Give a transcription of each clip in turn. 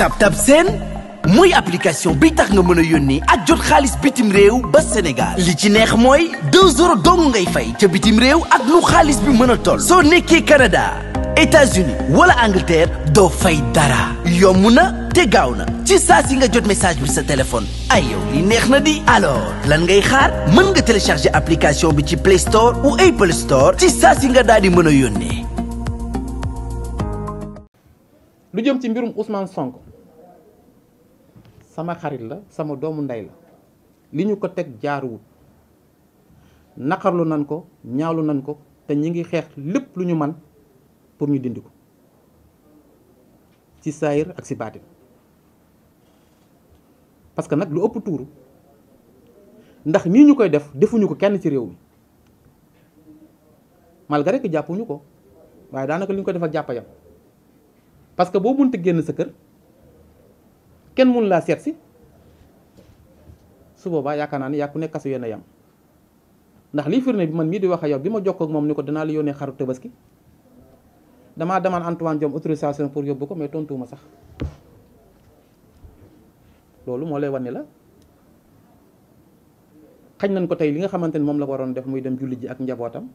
tab tab seen mooy application bi tax nga mën a yónnee ak jot xaalis bitim réew ba Sénégal li ci neex mooy doo euros dong ngay fay ca bitim réew ak lu xaalis bi mën a toll. soo nekkee Canada États-Unis wala Angleterre doo fay dara yomb na te gaaw na ci saa si nga jot message bi sa téléphone ay yow neex na di alors lan ngay xaar mën nga télécharger application bi ci Play Store ou ci saa si nga daal di mën a yónnee. lu jëm mbirum Ousmane sama xarit la sama doomu ndey la li ñu ko teg jaaruwut naqarlu nan ko ñaawlu nan ko te ñi ngi xeex lépp lu ñu man pour ñu dindi ko ci saayir ak si baatin parce que nag lu ëpp tuuru ndax nii ñu koy def defuñu ko kenn ci réew mi malgré ki jàppuñu ko waaye daanaka li ñu ko defal jàppayam parce que boo mënta génn sa kër Ken mun la seet si su yakana ni naa ne yaa ku yam ndax li firne bi man mi di wax ak yow bima jokk ak mom ni ko danaa la yone xaru tabaski dama demane Antoine diom autorisation pour yobbu ko mais tontuma sax lolou mo lay wane la xagn nan ko tay li nga xamanteni mom la ko waron def muy dem julli ji ak njabotam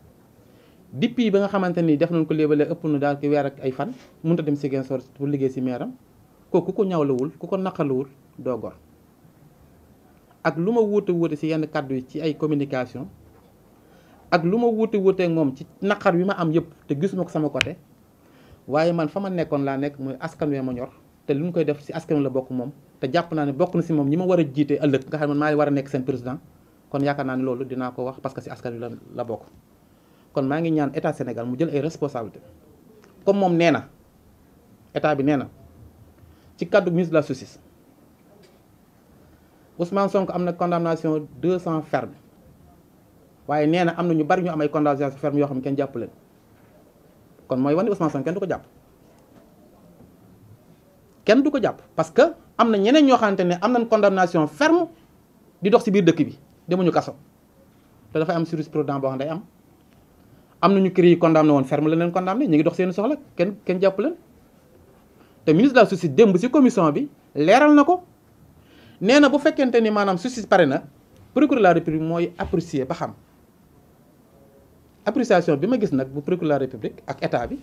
dipi bi nga xamanteni def nan ko lebele epp nu dal ki wer ak ay fan munta dem ci gensor pour liguey ci meram kooku ku ko ñawlawul ku ko naqalawul doo gor ak lu ma wuute wuute ci yenn kàddu yi ci ay communication ak lu ma wuute wuute moom ci naqar bi ma am yëpp te gisuma ko sama côté waaye man fa ma nekkoon laa nekk mooy askan wee ma ñor te lu mu koy def ci askan la bokk moom te jàpp naa ne bokk na ci moom ñi ma war a jiite ëllëg nga xam ne maa ngi war a nekk seen président kon yaakaar naa ne loolu dinaa ko wax parce que ci askan wi la la bokk kon maa ngi ñaan état Sénégal mu jël ay responsabilité comme moom nee na état bi nee na C'est un petit cadre de la Vous Ousmane qu'il y a une condamnation de 200 fermes. Vous pensez y a une condamnation de 200 fermes. Vous pensez qu'il y a une condamnation de 200 fermes. Vous pensez y a une condamnation de 200 fermes. Parce que vous pensez qu'il y a une condamnation de 200 fermes. Vous pensez qu'il y a une condamnation de 200 fermes. te ministre de la justice démb ci commission bi leral nako, ko nee na bu fekkente ni maanaam justice pare na procureur de la république mooy apprécier ba xam appréciation bi ma gis nag bu procureur de la république ak état bi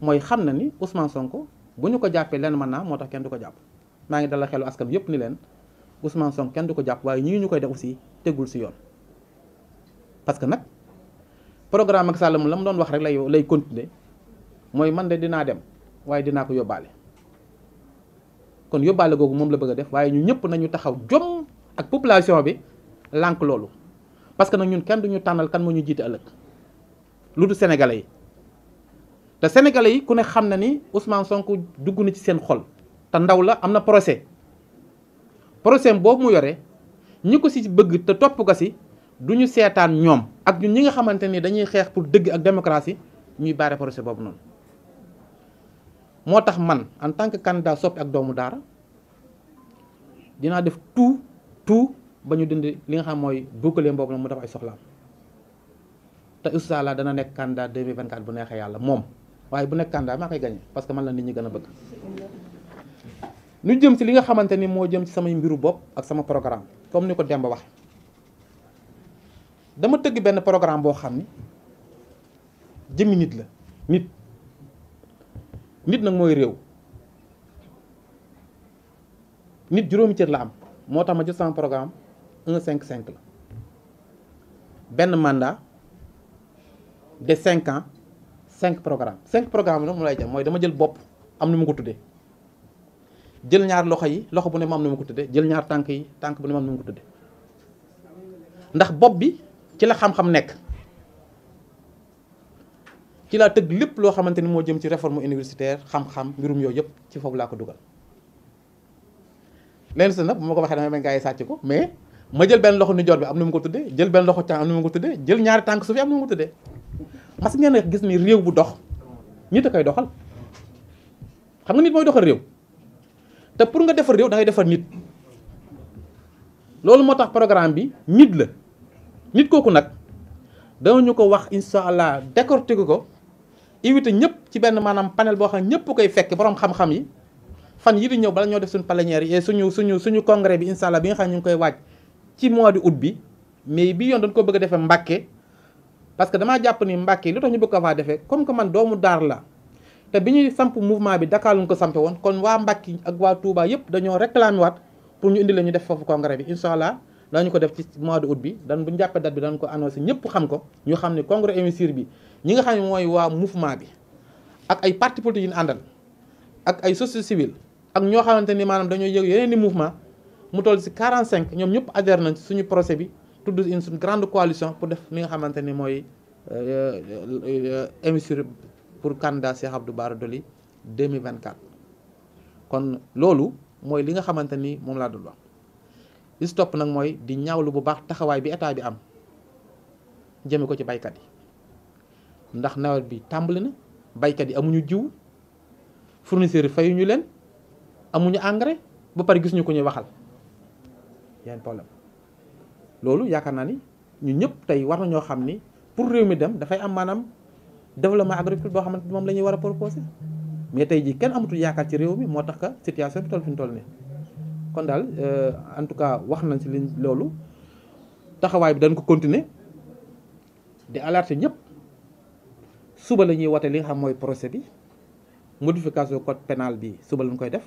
mooy xam na ni Ousmane Sonko bu ñu ko jàppee lenn mën naa moo tax kenn du ko jàpp maa ngi dala xelu askan bi yëpp ni leen Ousmane Sonko kenn du ko jàpp waaye ñii def aussi tegul ci yoon parce que nag programme ak Sall mu doon wax rek lay lay continuer mooy man de dinaa dem waaye dinaa ko yóbbaale. kon yóbbaale googu moom la bëgg a def waaye ñu ñëpp nañu taxaw jom ak population bi lànk loolu parce que nag ñun kenn duñu tànnal kan moo ñu jiite ëllëg lu du sénégalais yi te sénégalais yi ku ne xam na ni Ousmane sonk dugg na ci seen xol te ndaw la am na procès procès boobu mu yore ñi ko si bëgg te topp ko si du ñu seetaan ñoom ak ñun ñi nga xamante ni dañuy xeex pour dëgg ak démocratie ñuy baare procès boobu noonu. motax man en tant que candidat Sope ak doomu dara dina def tout tout bañu dënd li nga xam moy bouclier mbokk la mu def ay soxla ta incha allah dana nek candidat 2024 bu nexe yalla mom waye bu nek candidat ma kay gagné parce que man la nit ñi gëna bëgg. ñu jëm ci li nga xamanteni mo jëm ci sama mbiru bop ak sama programme comme ni demb wax dama tëgg ben programme bo xamni jëmi nit la nit. nit nag mooy réew nit juróomi cër la am moo tax ma jël sama programme un cinq cinq la benn mandat de cinq ans cinq programme cinq programme nag mu lay jam mooy dama jël bopp am nu mu ko tuddee jël ñaar loxo yi loxo bu ne ma am nu ma ko tuddee jël ñaar tànk yi tànk bu ne ma am nu ma ko tuddee ndax bopp bi ci la xam-xam nekk ci laa tëgg lépp loo xamante ni moo jëm ci réforme universitaire xam-xam mbirum yooyu yëpp ci foofu laa ko dugal leen sa nag bu ma ko waxee dama may gaa yi sàcc ko mais ma jël benn loxo nijoor bi am na mu ko tuddee jël benn loxo càmm am na mu ko tuddee jël ñaari tànk suuf am na mu ko tuddee parce que ngeen gis ni réew bu dox ñi da koy doxal xam nga nit mooy doxal réew te pour nga defar réew da ngay defar nit loolu moo tax programme bi nit la nit kooku nag dama ñu ko wax incha allah décortiquer ko invité ñëpp ci benn maanaam panel boo xam ñëpp koy fekk borom xam-xam yi fan yi di ñëw bala ñoo def suñu plénière yi suñu suñu suñu congrès bi incha allah bi nga ñu koy mois de août bi mais bi yoon dañ ko bëgg a defee parce que damaa jàpp ni Mbàkke lu tax ñu bëgg ko faa comme que man doomu daar la te bi ñuy bi Dakar ko sampe woon kon waa Mbàkke ak waa Touba yëpp dañoo réclamé waat pour ñu indi ñu def foofu congrès bi incha allah dañu ko def ci mois de août bi dan buñ jàppee date bi dañ ko annoncé ñëpp xam ko ñu xam ne congrès émissaire bi ñi nga xamni moy wa mouvement bi ak ay parti politique yi andal ak ay société civile ak ño xamanteni manam maanaam yëg yeneen ni mouvement mu toll ci 45 ñom ñep adhéré nañ ci suñu projet bi tuddu une sun grande coalition pour def mi nga xamanteni moy mooy euh, euh, euh, investiture pour candidat Cheikh Abdou Bara doli 2024. kon lolu moy li nga xamanteni mom la laa doon wax li si topp nag di ñaawlu bu baax taxaway bi état bi am jëme ko ci baykat yi ndax nawet bi tàmbali na baykat yi amuñu jiw fournisseur yi fayuñu len amuñu engrais ba pare gisuñu ko ñu waxal yeen problème lolu yaaka na ni ñun ñëpp tay war nañu xamni pour réew mi dem fay am manam développement agricole bo xamanteni mom la wara proposer mais tay ji kenn amatu yaaka ci réew mi moo tax situation bi tol fi tol ni kon dal euh en tout cas wax nañ ci lolu taxaway bi dañ ko continuer di alerter ñëpp. suba lañuy waté li nga xam moy procès bi modification code pénal bi suba lañ koy def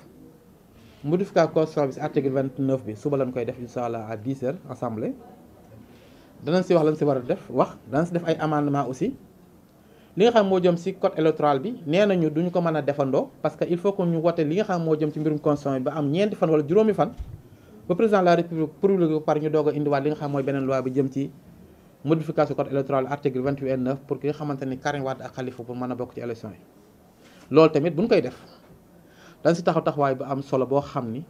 modification code service article 29 bi suba lañ koy def inshallah allah à dix heures assemblée danañ si wax lañ si wara def wax danañ si def ay amendement aussi li nga xam mo jëm ci code électoral bi nénañu duñ ko mëna a parce que il faut que ñu waté li nga xam mo jëm ci mbirum constitution bi ba am ñent fan wala juroomi fan ba président de la république promulgué par ñu doog indi indiwaat li nga xam moy benen loi bi jëm ci. modification code électoral article 28.9 pour que xamanteni xamante ni Karim Wade ak Khalifa pour dan bok ci élection yi tamit buñ koy def dañ ci taxaw bu am solo hamni, xamni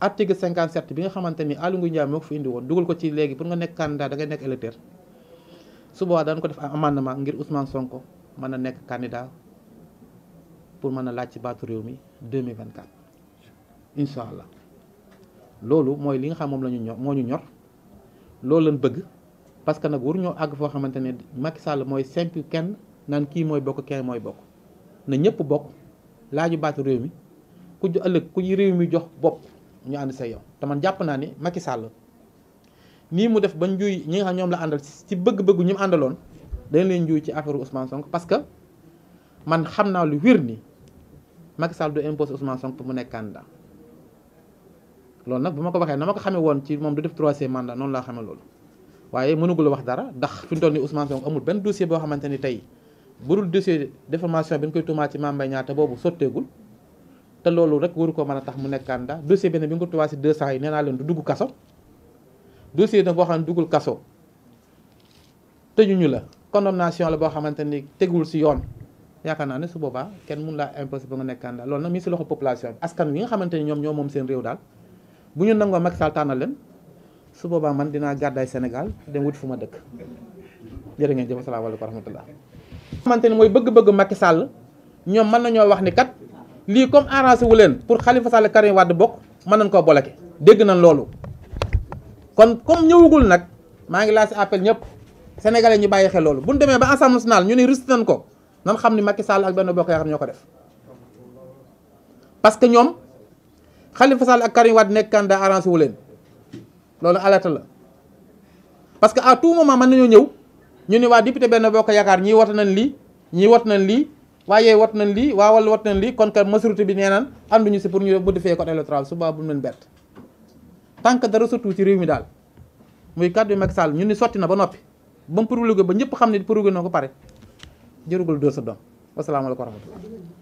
article 57 bi nga xamanteni ni Aly Ngouille Ndiaye fi indi won duggal ko ci léegi pour nga nek candidat da ngay nek électeur su bo dañ ko def amendement ngir Ousmane Sonko mën nek candidat pour mën lacc battu réew mi 2024 inshallah allah moy li nga xam mom lañu ñor ñor lañ bëgg parce que nag ñoo àgg foo xamante ne Macky Sall mooy simple kenn naan kii mooy bokk kenn mooy bokk na ñëpp bokk laa laaju baatu réew mi ku ju ëllëg ku ñu réew mi jox bopp ñu ànd sa yow te man jàpp naa ni Macky sàll nii mu def ba njuuy ñi nga xam ñoom la àndal ci bëgg-bëggu ñu mu àndaloon dañ leen njuuy ci affaire Ousmane Sonko parce que man xam naa lu wér nii Macky Sall du imposé Ousmane Sonko pour mu nekk candidat loolu nag bu ma ko waxee na ma ko xamee woon loolu. waaye mënugul wax dara ndax fi mu toll nii Ousmane amul benn dossier boo xamante ni tey bu dul dossier déformation bi ñu koy tuumaa ci Mame Mbaye Niang boobu sotteegul te loolu rek waru ko mën a tax mu nekk candidat dossier benn bi ñu ko tuumaa si 200 yi nee naa leen du dugg kaso dossier nag boo xam ne duggul kaso tëjuñu la condamnation la boo xamante ni tegul si yoon yaakaar naa ne su boobaa kenn mun laa imposé ba nga nekk candidat loolu nag mi si population bi askan wi nga xamante ni ñoom ñoo moom seen réew daal bu ñu nangoo Macky Sall tànnal leen su boobaa man dinaa gàddaay Sénégal dem wut fu ma dëkk jërë ngeen jëf asalaamaaleykum wa rahmatullah xamante ni mooy bëgg-bëgg Macky sàll ñoom mën nañoo wax ni kat lii comme arrangé wu leen pour Khalifa Sall Karim Wade bokk mën nañ koo bloqué dégg nañ loolu kon comme ñëwagul nag maa ngi laa si ñëpp sénégalais ñu bàyyi xel loolu bu ñu demee ba assemblée nationale ñu ne rëst nañ ko nan xam ni Macky Sall ak benn bokk yaakaar ñoo ko def que ñoom Khalifa Sall ak Karim Wade nekk candidat arrangé wu leen lolu alerte la parce que à tout moment man ñu ñew ñu ni wa député ben boo yakar ñi wat nañ li ñi wat nañ li waye wat nañ li wa wal wat nañ li kon que majorité bi nee naan ànduñu si pour ñu modifier code électoral suba bu ñu bet tank tant que dara sotti ci réew mi dal muy kàddu Macky Sall ñu ni soti na ba bam pour lu promulgué ba ñepp xamni pour promulgué na ko pare jërugul do sa doom wasalaamaaleykum alaykum rahmatullah